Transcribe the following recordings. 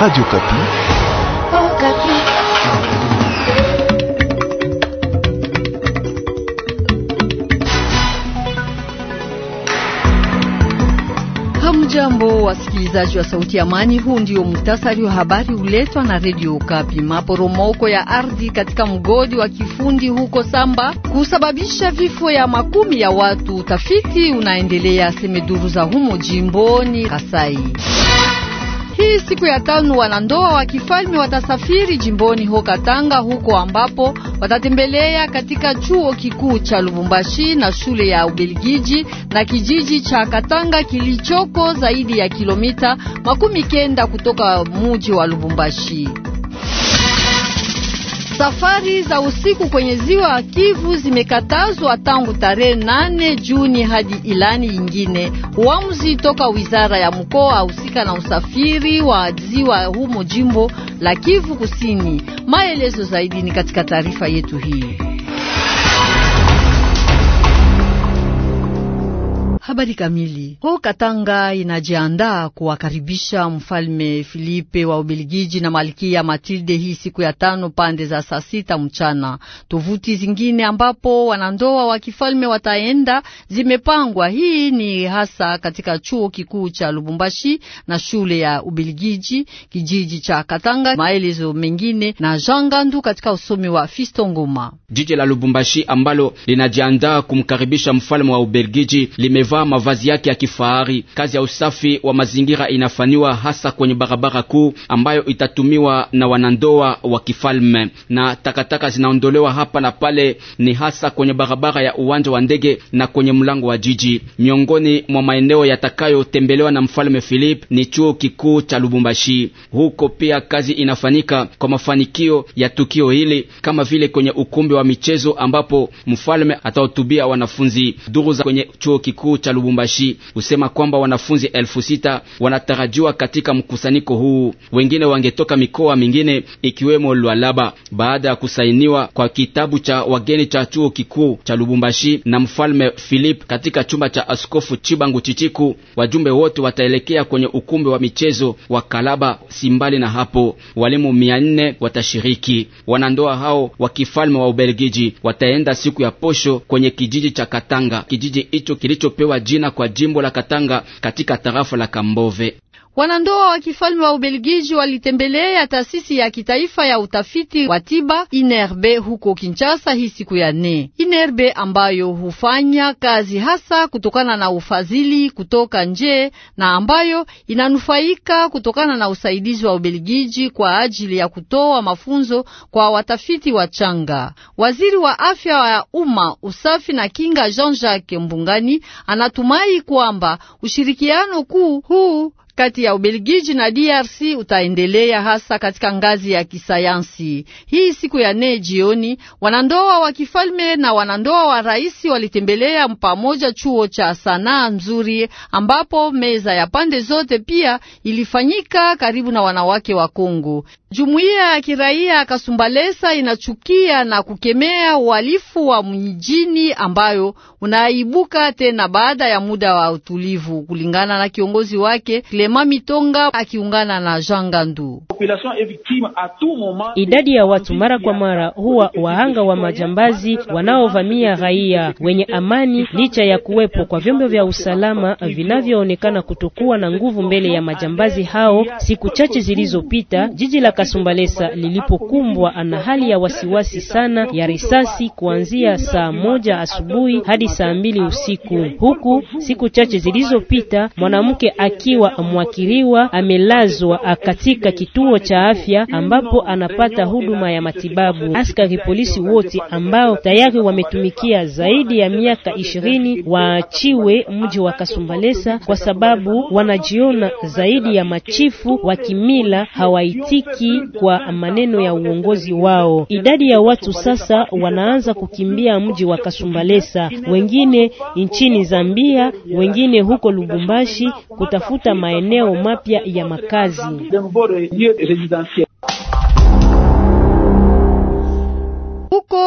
Radio Kapi. Oh, Kapi. Hamjambo wasikilizaji wa sauti ya amani, huu ndio muhtasari wa habari uletwa na Radio Kapi. Maporomoko ya ardhi katika mgodi wa Kifundi huko Samba kusababisha vifo ya makumi ya watu. Utafiti unaendelea, semeduru za humo jimboni Kasai. Hii siku ya tano wanandoa wa kifalme watasafiri jimboni ho Katanga, huko ambapo watatembelea katika chuo kikuu cha Lubumbashi na shule ya Ubelgiji na kijiji cha Katanga kilichoko zaidi ya kilomita makumi kenda kutoka muji wa Lubumbashi. Safari za usiku kwenye ziwa Kivu zimekatazwa tangu tarehe nane Juni hadi ilani ingine. Uamuzi toka wizara ya mkoa husika na usafiri wa ziwa humo jimbo la Kivu Kusini. Maelezo zaidi ni katika taarifa yetu hii. Habari kamili. ho Katanga inajiandaa kuwakaribisha mfalme Filipe wa Ubelgiji na malkia Matilde hii siku ya tano pande za saa sita mchana. Tovuti zingine ambapo wanandoa wa kifalme wataenda zimepangwa. Hii ni hasa katika chuo kikuu cha Lubumbashi na shule ya Ubelgiji kijiji cha Katanga. Maelezo mengine na Jangandu katika usomi wa Fisto Ngoma. Jiji la Lubumbashi ambalo linajiandaa kumkaribisha mfalme wa Ubelgiji limeva kuvaa mavazi yake ya kifahari. Kazi ya usafi wa mazingira inafanywa hasa kwenye barabara kuu ambayo itatumiwa na wanandoa wa kifalme, na takataka zinaondolewa hapa na pale, ni hasa kwenye barabara ya uwanja wa ndege na kwenye mlango wa jiji. Miongoni mwa maeneo yatakayotembelewa na mfalme Philip ni chuo kikuu cha Lubumbashi. Huko pia kazi inafanyika kwa mafanikio ya tukio hili, kama vile kwenye ukumbi wa michezo ambapo mfalme atahutubia wanafunzi. Duru za kwenye chuo kikuu cha Lubumbashi husema kwamba wanafunzi elfu sita wanatarajiwa katika mkusanyiko huu, wengine wangetoka mikoa mingine ikiwemo Lualaba. Baada ya kusainiwa kwa kitabu cha wageni cha chuo kikuu cha Lubumbashi na mfalme Philip katika chumba cha askofu Chibangu Chichiku, wajumbe wote wataelekea kwenye ukumbi wa michezo wa Kalaba. Simbali na hapo, walimu mia nne watashiriki. Wanandoa hao wa kifalme wa Ubelgiji wataenda siku ya posho kwenye kijiji cha Katanga. Kijiji hicho kilichopewa jina kwa jimbo la Katanga katika tarafa la Kambove. Wanandoa wa kifalme wa Ubelgiji walitembelea taasisi ya kitaifa ya utafiti wa tiba INERBE huko Kinshasa hii siku ya nne. INERBE ambayo hufanya kazi hasa kutokana na ufadhili kutoka nje na ambayo inanufaika kutokana na usaidizi wa Ubelgiji kwa ajili ya kutoa mafunzo kwa watafiti wa changa. Waziri wa afya wa umma, usafi na kinga Jean-Jacques Mbungani anatumai kwamba ushirikiano kuu huu kati ya Ubelgiji na DRC utaendelea hasa katika ngazi ya kisayansi. Hii siku ya nne jioni, wanandoa wa kifalme na wanandoa wa rais walitembelea pamoja chuo cha sanaa nzuri, ambapo meza ya pande zote pia ilifanyika karibu na wanawake wa Kongo. Jumuiya ya kiraia Kasumbalesa inachukia na kukemea uhalifu wa mjini ambayo unaibuka tena baada ya muda wa utulivu, kulingana na kiongozi wake Cle Clement Mitonga akiungana na Jean Gandu. Idadi ya watu mara kwa mara huwa wahanga wa majambazi wanaovamia raia wenye amani, licha ya kuwepo kwa vyombo vya usalama vinavyoonekana kutokuwa na nguvu mbele ya majambazi hao. Siku chache zilizopita, jiji la Kasumbalesa lilipokumbwa na hali ya wasiwasi sana ya risasi kuanzia saa moja asubuhi hadi saa mbili usiku, huku siku chache zilizopita mwanamke akiwa mwakiliwa amelazwa katika kituo cha afya ambapo anapata huduma ya matibabu. Askari polisi wote ambao tayari wametumikia zaidi ya miaka ishirini waachiwe mji wa Kasumbalesa kwa sababu wanajiona zaidi ya machifu wa kimila, hawaitiki kwa maneno ya uongozi wao. Idadi ya watu sasa wanaanza kukimbia mji wa Kasumbalesa, wengine nchini Zambia, wengine huko Lubumbashi kutafuta maeneo maeneo mapya ya makazi.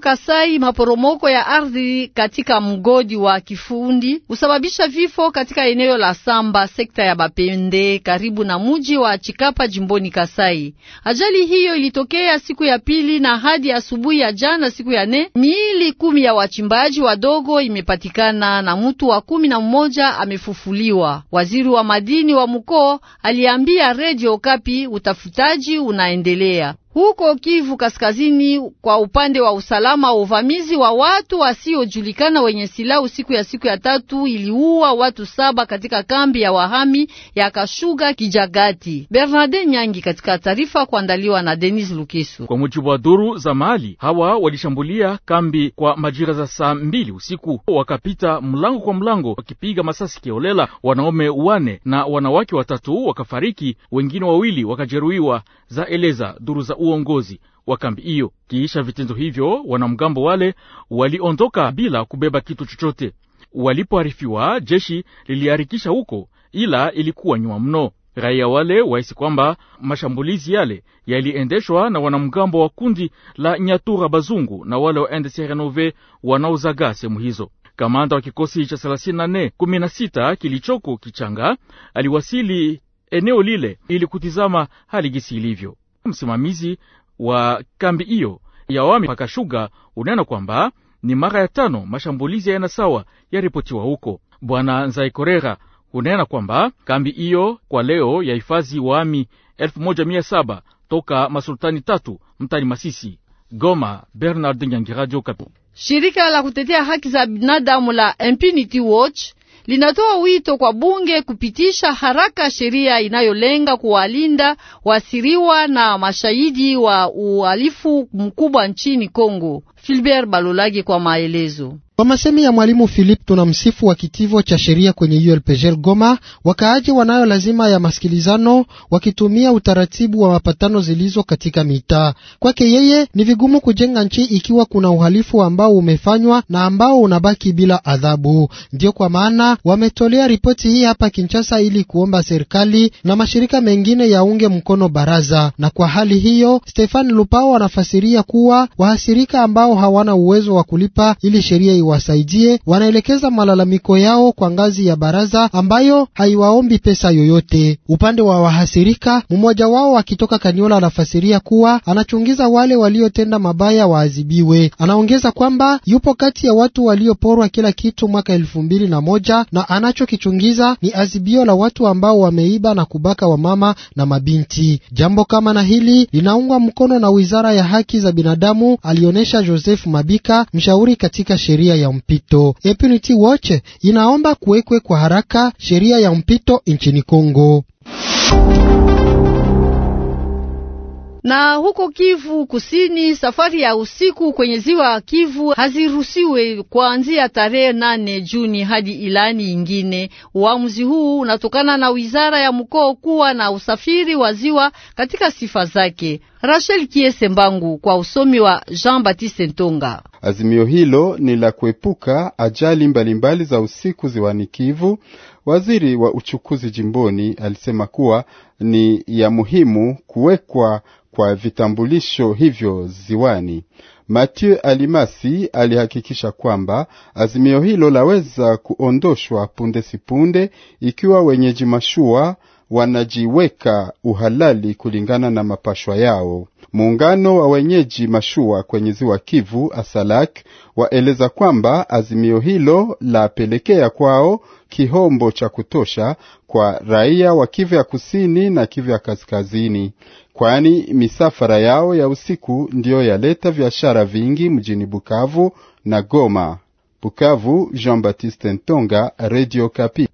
Kasai, maporomoko ya ardhi katika mgodi wa Kifundi usababisha vifo katika eneo la Samba, sekta ya Bapende, karibu na muji wa Chikapa, jimboni Kasai. Ajali hiyo ilitokea siku ya pili na hadi asubuhi ya jana, siku ya nne, miili kumi ya wachimbaji wadogo imepatikana na mtu wa kumi na mmoja amefufuliwa. Waziri wa madini wa mkoa aliambia Radio Kapi utafutaji unaendelea huko Kivu Kaskazini kwa upande wa usalama, uvamizi wa watu wasiojulikana wenye silaha usiku ya siku ya tatu iliua watu saba katika kambi ya wahami ya Kashuga Kijagati. Bernard Nyangi katika taarifa kuandaliwa na Denis Lukisu. Kwa mujibu wa duru za mahali, hawa walishambulia kambi kwa majira za saa mbili usiku, wakapita mlango kwa mlango wakipiga masasi kiolela. Wanaume wane na wanawake watatu wakafariki, wengine wawili wakajeruhiwa, za eleza duru za uongozi wa kambi hiyo. Kiisha vitendo hivyo, wanamgambo wale waliondoka bila kubeba kitu chochote. Walipoarifiwa, jeshi liliharikisha huko, ila ilikuwa nyuma mno. Raia wale wahisi kwamba mashambulizi yale yaliendeshwa na wanamgambo wa kundi la Nyatura Bazungu na wale wa NDC Renove wanaozaga sehemu hizo. Kamanda wa kikosi cha 3416 kilichoko Kichanga aliwasili eneo lile ili kutizama hali gisi ilivyo msimamizi wa kambi hiyo ya wami Pakashuga unena kwamba ni mara ya tano mashambulizi yana sawa yaripotiwa huko. Bwana Nzaikorera unena kwamba kambi hiyo kwa leo ya hifadhi wami 1700 toka masultani tatu mtani Masisi. Goma, Bernard Nyangira, kapi Shirika la kutetea haki za binadamu la Impunity Watch linatoa wito kwa bunge kupitisha haraka sheria inayolenga kuwalinda wasiriwa na mashahidi wa uhalifu mkubwa nchini Kongo. Filbert Balolagi kwa maelezo. Kwa masemi ya mwalimu Philip tuna msifu wa kitivo cha sheria kwenye ULPGL Goma, wakaaji wanayo lazima ya masikilizano wakitumia utaratibu wa mapatano zilizo katika mitaa. Kwake yeye ni vigumu kujenga nchi ikiwa kuna uhalifu ambao umefanywa na ambao unabaki bila adhabu. Ndiyo kwa maana wametolea ripoti hii hapa Kinshasa ili kuomba serikali na mashirika mengine yaunge mkono baraza. Na kwa hali hiyo, Stefan Lupao anafasiria kuwa wahasirika ambao hawana uwezo wa kulipa ili sheria wasaidie, wanaelekeza malalamiko yao kwa ngazi ya baraza ambayo haiwaombi pesa yoyote. Upande wa wahasirika, mmoja wao akitoka Kaniola anafasiria kuwa anachungiza wale waliotenda mabaya waadhibiwe. Anaongeza kwamba yupo kati ya watu walioporwa kila kitu mwaka elfu mbili na moja na anachokichungiza ni azibio la watu ambao wameiba na kubaka wamama na mabinti. Jambo kama na hili linaungwa mkono na Wizara ya Haki za Binadamu, alionyesha Joseph Mabika, mshauri katika sheria ya mpito. Impunity Watch inaomba kuwekwe kwa haraka sheria ya mpito nchini Kongo. Na huko Kivu Kusini, safari ya usiku kwenye ziwa Kivu haziruhusiwe kuanzia tarehe nane Juni hadi ilani ingine. Uamuzi huu unatokana na wizara ya mkoo kuwa na usafiri wa ziwa katika sifa zake. Rachel Kiese Mbangu kwa usomi wa Jean-Baptiste Ntonga. Azimio hilo ni la kuepuka ajali mbalimbali mbali za usiku ziwani Kivu. Waziri wa uchukuzi jimboni alisema kuwa ni ya muhimu kuwekwa kwa vitambulisho hivyo ziwani. Mathieu Alimasi alihakikisha kwamba azimio hilo laweza kuondoshwa punde sipunde ikiwa wenyeji mashua wanajiweka uhalali kulingana na mapashwa yao. Muungano wa wenyeji mashua kwenye ziwa Kivu Asalak waeleza kwamba azimio hilo lapelekea kwao kihombo cha kutosha kwa raia wa Kivu ya kusini na Kivu ya kaskazini, kwani misafara yao ya usiku ndiyo yaleta biashara vingi mjini Bukavu na Goma. Bukavu, Jean Baptiste Ntonga, Radio Kapi.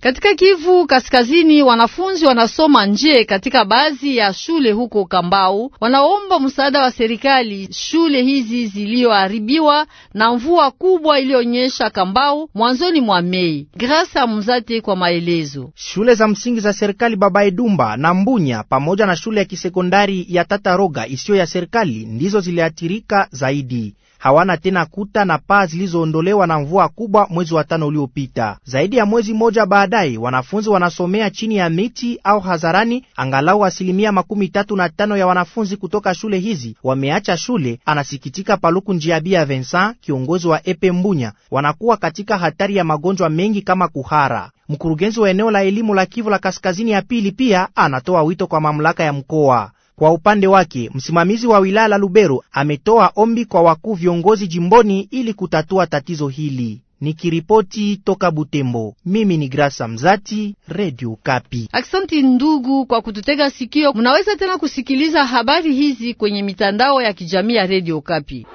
Katika Kivu Kaskazini, wanafunzi wanasoma nje katika baadhi ya shule huko Kambau, wanaomba msaada wa serikali. Shule hizi ziliyoharibiwa na mvua kubwa iliyonyesha Kambau mwanzoni mwa Mei. Grasa Mzate kwa maelezo. Shule za msingi za serikali Baba Edumba na Mbunya pamoja na shule ya kisekondari ya Tataroga isiyo ya serikali ndizo ziliathirika zaidi hawana tena kuta na paa zilizoondolewa na mvua kubwa mwezi wa tano uliopita. Zaidi ya mwezi mmoja baadaye, wanafunzi wanasomea chini ya miti au hadharani. Angalau asilimia makumi tatu na tano ya wanafunzi kutoka shule hizi wameacha shule, anasikitika Paluku Njiabia Vincent, kiongozi wa Epe Mbunya. Wanakuwa katika hatari ya magonjwa mengi kama kuhara. Mkurugenzi wa eneo la elimu la Kivu la Kaskazini ya pili pia anatoa wito kwa mamlaka ya mkoa kwa upande wake, msimamizi wa wilaya la Lubero ametoa ombi kwa wakuu viongozi jimboni ili kutatua tatizo hili. Nikiripoti toka Butembo, mimi ni Grasa Mzati, Radio Kapi. Aksanti ndugu kwa kututega sikio. Munaweza tena kusikiliza habari hizi kwenye mitandao ya kijamii ya Radio Kapi.